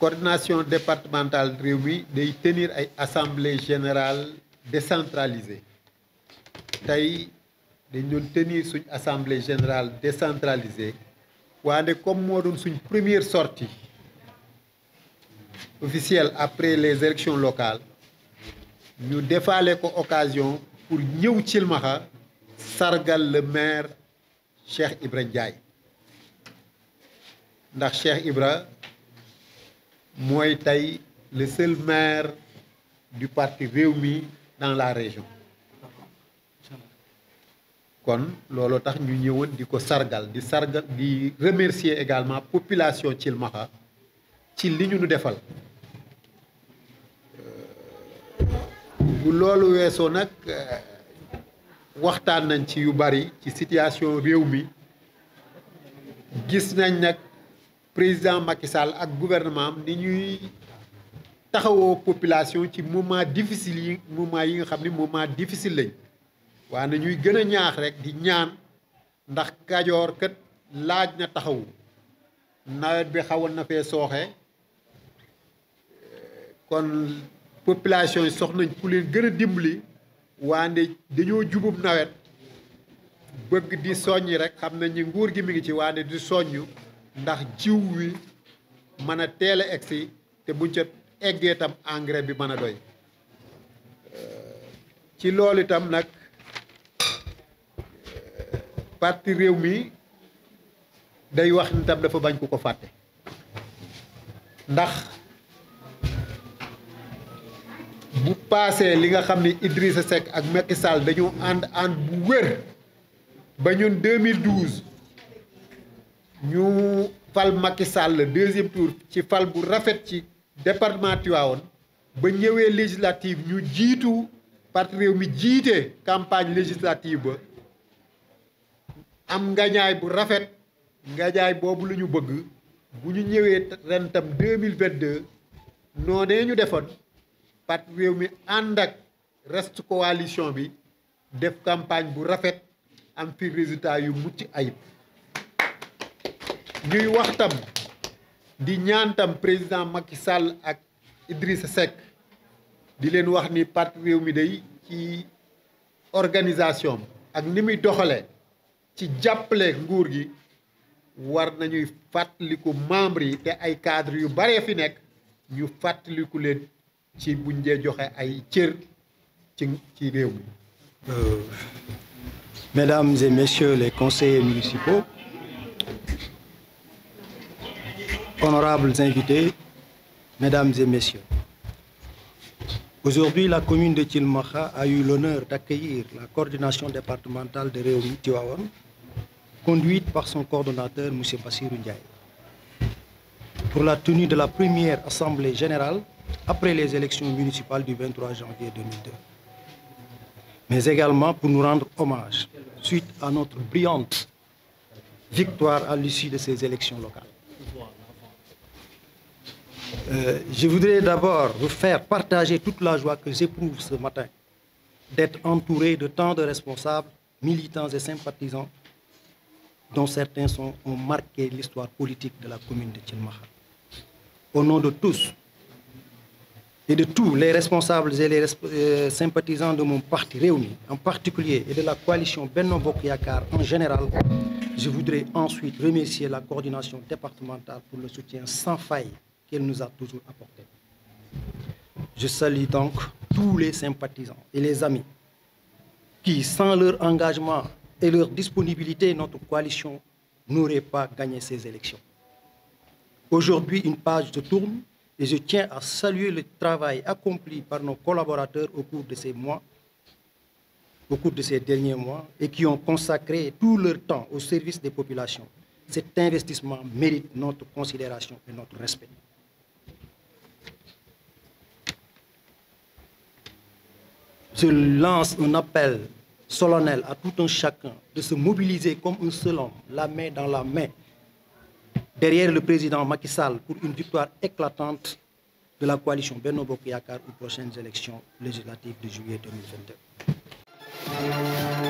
coordination départementale Rewmi day tenir ay assemblée générale décentralisée tey dañu doon tenir suñ assemblée générale décentralisée waande comme moo doon suñ première sorti officielle après les élections locales ñu defaale ko occasion pour ñëw Cilmaxa sargal le maire Cheikh Ibra Ndiaye ndax Cheikh Ibra mooy tey le seul maire du parti mi dans la région kon loolu tax ñu ñëwoon di ko sargal di sargal di remercier également population Thilmakha ci li ñu nu defal euh, bu loolu weesoo nag euh, waxtaan nañ ci yu bari ci situation réew mi gis nañ nag président Macky Sall ak gouvernement am ni ñuy taxawoo population ci moment difficile yi moment yi nga xam ni moment difficile lañ waa na ñuy gën a ñaax rek di ñaan ndax Kajoor kat laaj na taxawu nawet bi xawoon na fee sooxe kon population yi soxnañ ku leen gën a dimbali waande dañoo jubub nawet bëgg di soññ rek xam nañ ni nguur gi mi ngi ci waande di soññ ndax jiw wi mën a teel a egsi te buñ ca eggee tam engrais bi mën a doy euh, ci loolu itam nag euh, parti réew mi day wax nitam tam dafa bañ ku ko fàtte ndax bu paasee li nga xam ni Idrissa Seck ak Macky Sall dañu ànd ànd bu wér ba ñun ñu fal Macky Sall le deuxième ci fal bu rafet ci département Tivaouane ba ñëwee législative ñu jiitu parti réew mi jiite campagne législative ba am ngañaay bu rafet ngañaay boobu la ñu bëgg bu ñu ñëwee ren tam deux mille vingt deux noonee ñu defoon parti réew mi ànd ak reste coalition bi def campagne bu rafet am fi résultat yu mucc ayib. ñuy waxtam di ñaantam président Macky Sall ak Idrissa Seck di leen wax ni parti réew mi day ci organisation ak ni muy doxalee ci jàppale nguur gi war nañuy fàttaliku membres yi te ay cadres yu baree fi nekk ñu fàttaliku leen ci buñ dee joxe ay cër ci ci réew mi. Euh, mesdames et messieurs les conseillers municipaux. honorables invités, mesdames et messieurs. Aujourd'hui, la commune de Tilmaha a eu l'honneur d'accueillir la coordination départementale de Réumi Tiwawan, conduite par son coordonnateur, M. Bassirou pour la tenue de la première assemblée générale après les élections municipales du 23 janvier 2002. Mais également pour nous rendre hommage suite à notre brillante victoire à l'issue de ces élections locales. Euh, je voudrais d'abord vous faire partager toute la joie que j'éprouve ce matin d'être entouré de tant de responsables, militants et sympathisants, dont certains sont, ont marqué l'histoire politique de la commune de Tchilmaha. Au nom de tous et de tous les responsables et les resp euh, sympathisants de mon parti réuni en particulier et de la coalition Benno Bokk Yakaar en général, je voudrais ensuite remercier la coordination départementale pour le soutien sans faille qu'elle nous a toujours apporté. Je salue donc tous les sympathisants et les amis qui, sans leur engagement et leur disponibilité, notre coalition n'aurait pas gagné ces élections. Aujourd'hui, une page se tourne et je tiens à saluer le travail accompli par nos collaborateurs au cours de mois, au cours de ces derniers mois, et qui ont consacré tout leur temps au service des populations. Cet investissement mérite notre considération et notre respect. je lance un appel à tout un chacun de se mobiliser comme un seul dans la main, derrière le président Macky Sall pour une victoire éclatante de la coalition Benno Bokk Yakaar aux prochaines élections législatives de juillet 2022.